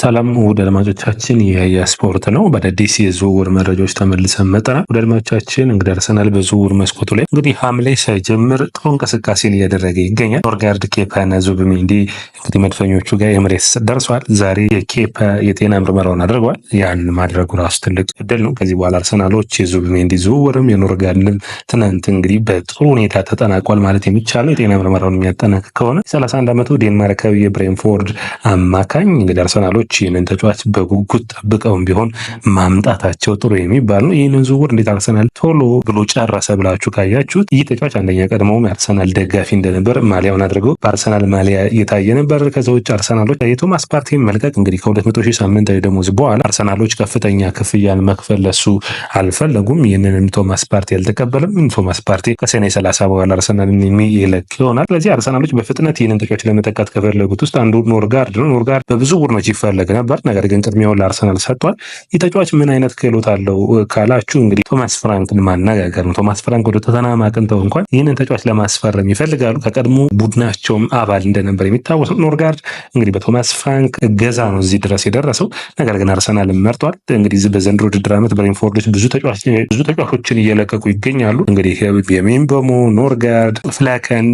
ሰላም ውድ አድማጮቻችን፣ ይህ ስፖርት ነው። በአዳዲስ የዝውውር መረጃዎች ተመልሰን መጠና ውድ አድማጮቻችን፣ እንግዲህ አርሰናል በዝውውር መስኮቱ ላይ እንግዲህ ሐምሌ ሳይጀምር ጥሩ እንቅስቃሴን እያደረገ ይገኛል። ኖርጋርድ ኬፓ ኬፓና ዙብሜንዲ እንግዲህ መድፈኞቹ ጋር ኤምሬትስ ደርሰዋል። ዛሬ የኬፓ የጤና ምርመራውን አድርገዋል። ያን ማድረጉ ራሱ ትልቅ እድል ነው። ከዚህ በኋላ አርሰናሎች የዙብሜንዲ ዝውውርም የኖርጋርድም ትናንት እንግዲህ በጥሩ ሁኔታ ተጠናቋል ማለት የሚቻለው የጤና ምርመራውን የሚያጠናቅቅ ከሆነ 31 ዓመቱ ዴንማርካዊ የብሬንፎርድ አማካኝ እንግዲህ አርሰናሎች ሰዎች ይህንን ተጫዋች በጉጉት ጠብቀውም ቢሆን ማምጣታቸው ጥሩ የሚባል ነው። ይህንን ዝውውር እንዴት አርሰናል ቶሎ ብሎ ጨረሰ ብላችሁ ካያችሁት ይህ ተጫዋች አንደኛ ቀድሞውም የአርሰናል ደጋፊ እንደነበር ማሊያውን አድርገው በአርሰናል ማሊያ የታየ ነበር። ከሰዎች አርሰናሎች የቶማስ ፓርቲን መልቀቅ እንግዲህ ከ200 ሺህ ሳምንታዊ ደሞዝ በኋላ አርሰናሎች ከፍተኛ ክፍያን መክፈል ለሱ አልፈለጉም። ይህንንም ቶማስ ፓርቲ አልተቀበለም። ቶማስ ፓርቲ ከሰኔ 30 በኋላ አርሰናልን የሚለቅ ይሆናል። ስለዚህ አርሰናሎች በፍጥነት ይህንን ተጫዋች ለመጠቃት ከፈለጉት ውስጥ አንዱ ኖርጋርድ ነው። ኖርጋርድ በብዙ ቡድኖች ይፈለጋል ይፈለግ ነበር። ነገር ግን ቅድሚያውን ለአርሰናል ሰጥቷል። ይህ ተጫዋች ምን አይነት ክህሎት አለው ካላችሁ እንግዲህ ቶማስ ፍራንክን ማነጋገር ነው። ቶማስ ፍራንክ ወደ ቶተንሃም አቅንተው እንኳን ይህንን ተጫዋች ለማስፈረም ይፈልጋሉ። ከቀድሞ ቡድናቸውም አባል እንደነበር የሚታወስ ኖርጋርድ እንግዲህ በቶማስ ፍራንክ እገዛ ነው እዚህ ድረስ የደረሰው። ነገር ግን አርሰናል መርጧል። እንግዲህ በዘንድሮ ውድድር ዓመት ብሬንፎርዶች ብዙ ተጫዋቾችን እየለቀቁ ይገኛሉ። እንግዲህ የሚንበሞ፣ ኖርጋርድ፣ ፍላከን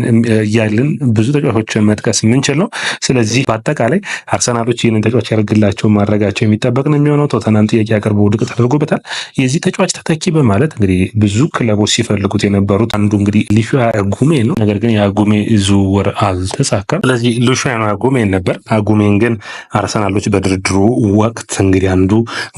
እያልን ብዙ ተጫዋቾችን መጥቀስ የምንችል ነው። ስለዚህ በአጠቃላይ አርሰናሎች ይህንን ተጫዋች እንዲያደርግላቸው ማድረጋቸው የሚጠበቅ ነው የሚሆነው። ቶተናም ጥያቄ አቅርቦ ውድቅ ተደርጎበታል። የዚህ ተጫዋች ተተኪ በማለት እንግዲህ ብዙ ክለቦች ሲፈልጉት የነበሩት አንዱ እንግዲህ ሊሹ አጉሜ ነው። ነገር ግን የአጉሜ ዝውውር አልተሳካም። ስለዚህ ሉሻን አጉሜን ነበር። አጉሜን ግን አርሰናሎች በድርድሩ ወቅት እንግዲህ አንዱ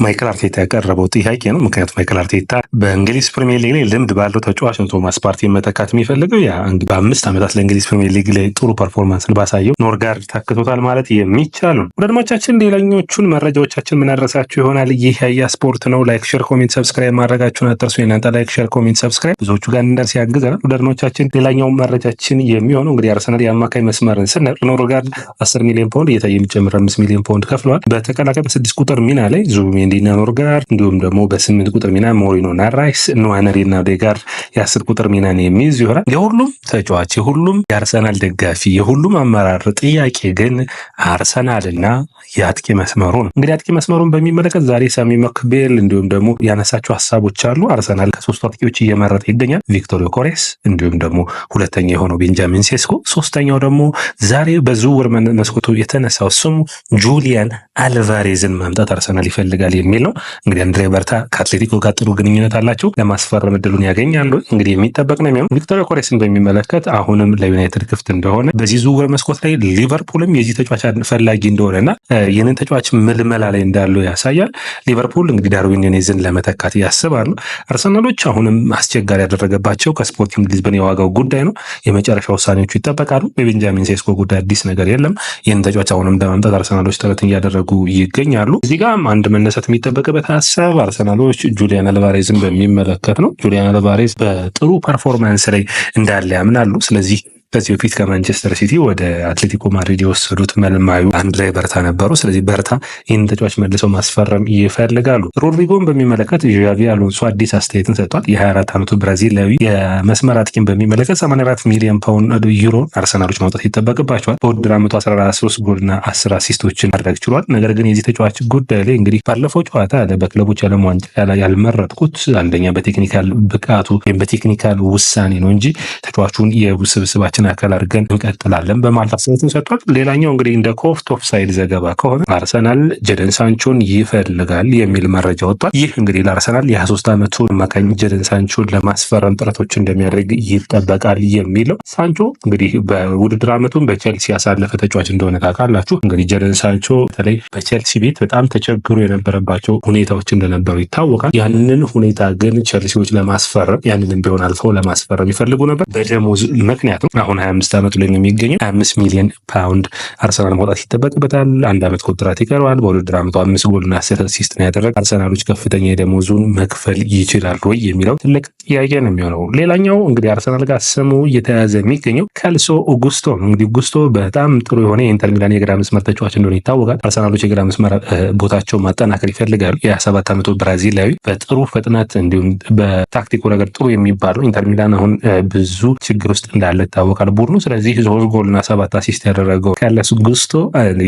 ማይክል አርቴታ ያቀረበው ጥያቄ ነው። ምክንያቱም ማይክል አርቴታ በእንግሊዝ ፕሪሚየር ሊግ ላይ ልምድ ባለው ተጫዋች ነው ቶማስ ፓርቲ መተካት የሚፈልገው። ያ በአምስት ዓመታት ለእንግሊዝ ፕሪሚየር ሊግ ላይ ጥሩ ፐርፎርማንስ ባሳየው ኖርጋርድ ታክቶታል ማለት የሚቻል ነው። ወዳድማቻችን ሌላኞቹን መረጃዎቻችን ምናደረሳችሁ ይሆናል። ይህ ያያ ስፖርት ነው። ላይክ፣ ሼር፣ ኮሜንት ሰብስክራይብ ማድረጋችሁን አትርሱ። የእናንተ ላይክ፣ ሼር፣ ኮሜንት ሰብስክራይብ ብዙዎቹ ጋር እንደርስ ያግዘናል። ወደድኖቻችን ሌላኛው መረጃችን የሚሆነው እንግዲህ አርሰናል የአማካይ መስመርን ስንል ኖርጋርድ አስር ሚሊዮን ፓውንድ እየታየ የሚጨምር አምስት ሚሊዮን ፓውንድ ከፍለዋል። በተቀላቃይ በስድስት ቁጥር ሚና ላይ ዙቢሜንዲና ኖርጋርድ እንዲሁም ደግሞ በስምንት ቁጥር ሚና ሞሪኖና ራይስ ንዋነሪና ዴጋርድ የአስር ቁጥር ሚናን የሚይዝ ይሆናል። የሁሉም ተጫዋች የሁሉም የአርሰናል ደጋፊ የሁሉም አመራር ጥያቄ ግን አርሰናልና አጥቂ መስመሩ ነው። እንግዲህ አጥቂ መስመሩን በሚመለከት ዛሬ ሳሚ መክቤል እንዲሁም ደግሞ ያነሳቸው ሀሳቦች አሉ። አርሰናል ከሶስቱ አጥቂዎች እየመረጠ ይገኛል። ቪክቶር ዮኬሬስ እንዲሁም ደግሞ ሁለተኛ የሆነው ቤንጃሚን ሴስኮ፣ ሶስተኛው ደግሞ ዛሬ በዝውውር መስኮቱ የተነሳው ስሙ ጁሊያን አልቫሬዝን ማምጣት አርሰናል ይፈልጋል የሚል ነው። እንግዲህ አንድሬ በርታ ከአትሌቲኮ ጋር ጥሩ ግንኙነት አላቸው። ለማስፈረም ዕድሉን ያገኛሉ። እንግዲህ የሚጠበቅ ነው የሚሆኑ ቪክቶር ዮኬሬስን በሚመለከት አሁንም ለዩናይትድ ክፍት እንደሆነ በዚህ ዝውውር መስኮት ላይ ሊቨርፑልም የዚህ ተጫዋች ፈላጊ እንደሆነና ይህንን ተጫዋች ምልመላ ላይ እንዳለው ያሳያል። ሊቨርፑል እንግዲህ ዳርዊን ኑኔዝን ለመተካት ያስባሉ። አርሰናሎች አሁንም አስቸጋሪ ያደረገባቸው ከስፖርቲንግ ሊዝበን የዋጋው ጉዳይ ነው። የመጨረሻ ውሳኔዎቹ ይጠበቃሉ። በቤንጃሚን ሴስኮ ጉዳይ አዲስ ነገር የለም። ይህን ተጫዋች አሁንም ለማምጣት አርሰናሎች ጥረት እያደረጉ ይገኛሉ። እዚህ ጋም አንድ መነሳት የሚጠበቅበት ሀሳብ አርሰናሎች ጁሊያን አልቫሬዝን በሚመለከት ነው። ጁሊያን አልቫሬዝ በጥሩ ፐርፎርማንስ ላይ እንዳለ ያምናሉ። ስለዚህ ከዚህ በፊት ከማንቸስተር ሲቲ ወደ አትሌቲኮ ማድሪድ የወሰዱት መልማዩ አንድ ላይ በርታ ነበሩ። ስለዚህ በርታ ይህን ተጫዋች መልሰው ማስፈረም ይፈልጋሉ። ሮድሪጎን በሚመለከት ዣቪ አሎንሶ አዲስ አስተያየትን ሰጥቷል። የ24 ዓመቱ ብራዚላዊ የመስመር አጥቂን በሚመለከት 84 ሚሊዮን ፓውንድ ዩሮ አርሰናሎች ማውጣት ይጠበቅባቸዋል። በውድድር ዓመቱ 13 ጎልና 10 አሲስቶችን ማድረግ ችሏል። ነገር ግን የዚህ ተጫዋች ጉዳይ ላይ እንግዲህ ባለፈው ጨዋታ በክለቦች ዓለም ዋንጫ ላይ ያልመረጥኩት አንደኛ በቴክኒካል ብቃቱ ወይም በቴክኒካል ውሳኔ ነው እንጂ ተጫዋቹን የውስብስባ የውይይታችን አካል አድርገን እንቀጥላለን በማለት አስተያየትን ሰጥቷል። ሌላኛው እንግዲህ እንደ ኮፍት ኦፍሳይድ ዘገባ ከሆነ አርሰናል ጀደን ሳንቾን ይፈልጋል የሚል መረጃ ወጥቷል። ይህ እንግዲህ ለአርሰናል የ23 ዓመቱ አማካኝ ጀደን ሳንቾን ለማስፈረም ጥረቶች እንደሚያደርግ ይጠበቃል የሚለው ሳንቾ እንግዲህ በውድድር ዓመቱን በቸልሲ ያሳለፈ ተጫዋች እንደሆነ ታውቃላችሁ። እንግዲህ ጀደን ሳንቾ በተለይ በቸልሲ ቤት በጣም ተቸግሮ የነበረባቸው ሁኔታዎች እንደነበሩ ይታወቃል። ያንን ሁኔታ ግን ቸልሲዎች ለማስፈረም ያንንም ቢሆን አልፈው ለማስፈረም ይፈልጉ ነበር በደሞዝ ምክንያቱም አሁን 25 ዓመቱ ላይ ነው የሚገኘው። 25 ሚሊዮን ፓውንድ አርሰናል ማውጣት ይጠበቅበታል። አንድ አመት ኮንትራት ይቀረዋል። በውድድር አመቱ አምስት ጎልና አስር አሲስት ነው ያደረገ። አርሰናሎች ከፍተኛ የደሞዙን መክፈል ይችላሉ ወይ የሚለው ትልቅ ጥያቄ ነው የሚሆነው። ሌላኛው እንግዲህ አርሰናል ጋር ስሙ እየተያዘ የሚገኘው ከልሶ ኦጉስቶ ነው። እንግዲህ ኦጉስቶ በጣም ጥሩ የሆነ የኢንተር ሚላን የግራ መስመር ተጫዋች እንደሆነ ይታወቃል። አርሰናሎች የግራ መስመር ቦታቸው ማጠናከር ይፈልጋሉ። የ27 ዓመቱ ብራዚላዊ በጥሩ ፍጥነት እንዲሁም በታክቲኩ ነገር ጥሩ የሚባለው ኢንተር ሚላን አሁን ብዙ ችግር ውስጥ እንዳለ ይታወቃል። ይታወቃል ቡድኑ። ስለዚህ ሶስት እና ሰባት አሲስት ያደረገው ካርሎስ ጉስቶ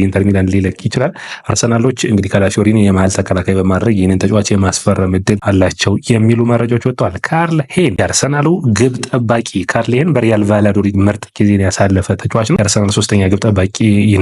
ኢንተር ሚላን ሊለቅ ይችላል። አርሰናሎች እንግዲህ ካላፊዮሪን የመሀል ተከላካይ በማድረግ ይህንን ተጫዋች የማስፈረም እድል አላቸው የሚሉ መረጃዎች ወጥተዋል። ካርል ሄን የአርሰናሉ ግብ ጠባቂ ካርል ሄን በሪያል ቫላዶሊድ ምርጥ ጊዜን ያሳለፈ ተጫዋች ነው። የአርሰናል ሶስተኛ ግብ ጠባቂ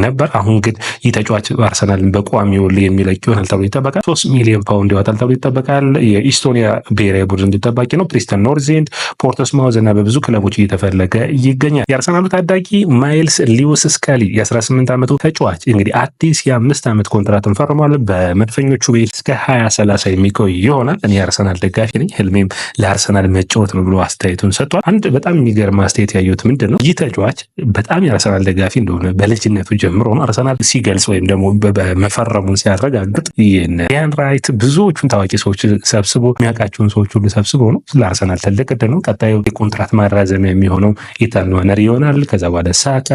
ነበር። አሁን ግን ይህ ተጫዋች አርሰናልን በቋሚ ውል የሚለቅ ይሆናል ተብሎ ይጠበቃል። ሶስት ሚሊዮን ፓውንድ ይወጣል ተብሎ ይጠበቃል። የኢስቶኒያ ብሔራዊ ቡድን ግብ ጠባቂ ነው። ፕሪስተን ኖርዜንድ፣ ፖርቶስማውዝ እና በብዙ ክለቦች እየተፈለገ ይገኛል። ስድስተኛ የአርሰናሉ ታዳጊ ማይልስ ሊዩስ ስካሊ የ18 ዓመቱ ተጫዋች እንግዲህ አዲስ የአምስት ዓመት ኮንትራትን ፈርሟል። በመድፈኞቹ ቤት እስከ 2030 የሚቆይ ይሆናል። እኔ የአርሰናል ደጋፊ ነኝ፣ ህልሜም ለአርሰናል መጫወት ነው ብሎ አስተያየቱን ሰጥቷል። አንድ በጣም የሚገርም አስተያየት ያየሁት ምንድን ነው ይህ ተጫዋች በጣም የአርሰናል ደጋፊ እንደሆነ በልጅነቱ ጀምሮ ነው አርሰናል ሲገልጽ ወይም ደግሞ መፈረሙን ሲያረጋግጥ ይህን ያን ራይት ብዙዎቹን ታዋቂ ሰዎች ሰብስቦ የሚያውቃቸውን ሰዎች ሁሉ ሰብስቦ ነው ለአርሰናል ትልቅ ዕድል ነው። ቀጣዩ የኮንትራት ማራዘሚያ የሚሆነው ይታል ዋርነር ይሆናል። ከዛ በኋላ ሳካ፣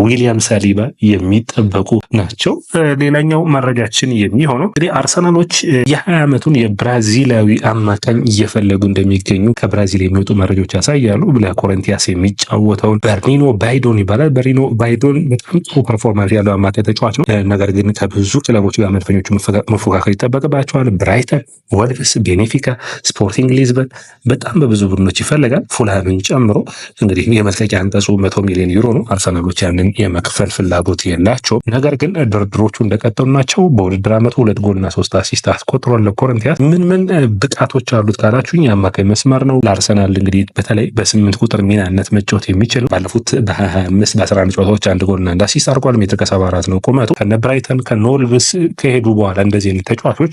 ዊሊያም ሳሊባ የሚጠበቁ ናቸው። ሌላኛው መረጃችን የሚሆነው እንግዲህ አርሰናሎች የሀያ ዓመቱን የብራዚላዊ አማካኝ እየፈለጉ እንደሚገኙ ከብራዚል የሚወጡ መረጃዎች ያሳያሉ። ለኮረንቲያስ የሚጫወተውን በርኒኖ ባይዶን ይባላል። በርኒኖ ባይዶን በጣም ጥሩ ፐርፎርማንስ ያለው አማካኝ ተጫዋች ነው። ነገር ግን ከብዙ ክለቦች ጋር መድፈኞቹ መፎካከል ይጠበቅባቸዋል። ብራይተን፣ ወልቭስ፣ ቤኔፊካ፣ ስፖርቲንግ ሊዝበን በጣም በብዙ ቡድኖች ይፈልጋል ፉልሃምን ጨምሮ እንግዲህ የመልቀቂያ የአንቀጹ መቶ ሚሊዮን ዩሮ ነው። አርሰናሎች ያንን የመክፈል ፍላጎት የላቸውም። ነገር ግን ድርድሮቹ እንደቀጠሉ ናቸው። በውድድር ዓመቱ ሁለት ጎልና ሶስት አሲስት አስቆጥሯል። ለኮረንቲያስ ምን ምን ብቃቶች አሉት ካላችሁኝ የአማካኝ መስመር ነው። ለአርሰናል እንግዲህ በተለይ በስምንት ቁጥር ሚናነት መጫወት የሚችል ባለፉት በ25 በ11 ጨዋታዎች አንድ ጎልና አንድ አሲስት አድርጓል። ሜትር ከ አራት ነው ቁመቱ። ከነ ብራይተን ከኖልቭስ ከሄዱ በኋላ እንደዚህ አይነት ተጫዋቾች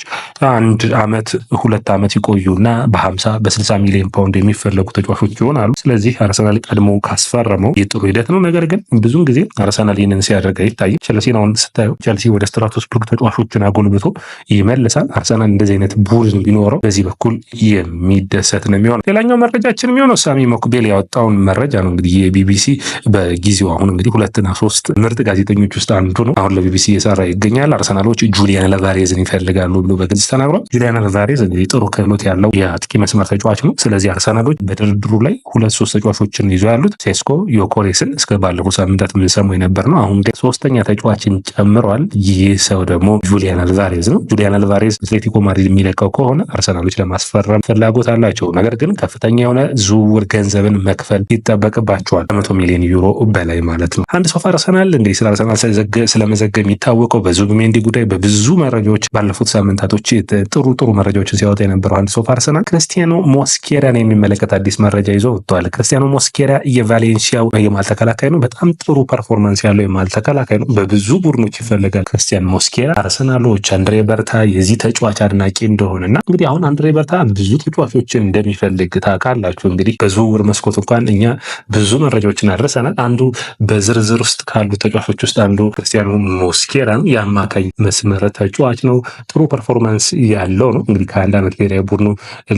አንድ አመት ሁለት አመት እና በ50 በ60 ሚሊዮን ፓውንድ የሚፈለጉ ተጫዋቾች ይሆናሉ። ስለዚህ አርሰናል ቀድሞ ካስፈ ያስፈረመው የጥሩ ሂደት ነው። ነገር ግን ብዙን ጊዜ አርሰናል ይህንን ሲያደርግ ይታያል። ቸልሲን አሁን ስታየው ቸልሲ ወደ ስትራስቡርግ ተጫዋቾችን አጎልብቶ ይመልሳል። አርሰናል እንደዚህ አይነት ቡድን ቢኖረው በዚህ በኩል የሚደሰት ነው የሚሆነው። ሌላኛው መረጃችን የሚሆነው ሳሚ ሞክቤል ያወጣውን መረጃ ነው። እንግዲህ የቢቢሲ በጊዜው አሁን እንግዲህ ሁለትና ሶስት ምርጥ ጋዜጠኞች ውስጥ አንዱ ነው። አሁን ለቢቢሲ እየሰራ ይገኛል። አርሰናሎች ጁሊያን አልቫሬዝን ይፈልጋሉ ብሎ በግልጽ ተናግሯል። ጁሊያን አልቫሬዝ እንግዲህ ጥሩ ክህሎት ያለው የአጥቂ መስመር ተጫዋች ነው። ስለዚህ አርሰናሎች በድርድሩ ላይ ሁለት ሶስት ተጫዋቾችን ይዞ ያሉት ሞስኮ ዮኮሬስን እስከ ባለፉት ሳምንታት የምንሰሙ የነበር ነው። አሁን ሶስተኛ ተጫዋችን ጨምሯል። ይህ ሰው ደግሞ ጁሊያን አልቫሬዝ ነው። ጁሊያን አልቫሬዝ አትሌቲኮ ማድሪድ የሚለቀው ከሆነ አርሰናሎች ለማስፈረም ፍላጎት አላቸው። ነገር ግን ከፍተኛ የሆነ ዝውውር ገንዘብን መክፈል ይጠበቅባቸዋል። ከመቶ ሚሊዮን ዩሮ በላይ ማለት ነው። አንድ ሶፍ አርሰናል እንደ ስለ አርሰናል ስለመዘገብ የሚታወቀው በዙቢሜንዲ ጉዳይ በብዙ መረጃዎች ባለፉት ሳምንታቶች ጥሩ ጥሩ መረጃዎችን ሲያወጣ የነበረው አንድ ሶፍ አርሰናል ክርስቲያኖ ሞስኬሪያን የሚመለከት አዲስ መረጃ ይዞ ወጥቷል። ክርስቲያኖ ሞስኬሪያ የቫሌ ቪንሲያው የመሃል ተከላካይ ነው። በጣም ጥሩ ፐርፎርማንስ ያለው የመሃል ተከላካይ ነው። በብዙ ቡድኖች ይፈለጋል። ክርስቲያን ሞስኬራ፣ አርሰናሎች አንድሬ በርታ የዚህ ተጫዋች አድናቂ እንደሆነ እና እንግዲህ አሁን አንድሬ በርታ ብዙ ተጫዋቾችን እንደሚፈልግ ታውቃላችሁ። እንግዲህ በዝውውር መስኮት እንኳን እኛ ብዙ መረጃዎችን አድረሰናል። አንዱ በዝርዝር ውስጥ ካሉ ተጫዋቾች ውስጥ አንዱ ክርስቲያኑ ሞስኬራ ነው። የአማካኝ መስመር ተጫዋች ነው። ጥሩ ፐርፎርማንስ ያለው ነው። እንግዲህ ከአንድ ዓመት ብሔራዊ ቡድኑ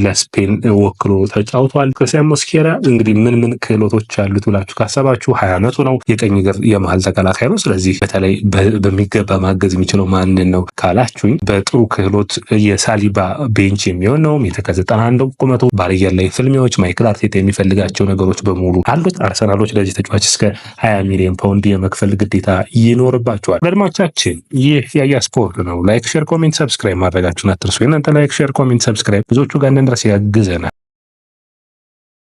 ለስፔን ወክሎ ተጫውቷል። ክርስቲያን ሞስኬራ እንግዲህ ምን ምን ክህሎቶች አሉ አሉት ብላችሁ ካሰባችሁ ሀያ ዓመቱ ነው። የቀኝ እግር የመሀል ተከላካይ ነው። ስለዚህ በተለይ በሚገባ ማገዝ የሚችለው ማንን ነው ካላችሁኝ በጥሩ ክህሎት የሳሊባ ቤንች የሚሆን ነው። ሜትር ከዘጠና አንድ ቁመቱ ባልየር ላይ ፍልሚያዎች ማይክል አርቴታ የሚፈልጋቸው ነገሮች በሙሉ አሉት። አርሰናሎች ለዚህ ተጫዋች እስከ ሀያ ሚሊዮን ፓውንድ የመክፈል ግዴታ ይኖርባቸዋል። በድማቻችን ይህ ያያ ስፖርት ነው። ላይክ፣ ሼር፣ ኮሜንት ሰብስክራይብ ማድረጋችሁን አትርሱ። የእናንተ ላይክ፣ ሼር፣ ኮሜንት ሰብስክራይብ ብዙዎቹ ጋር እንድንደርስ ያግዘናል።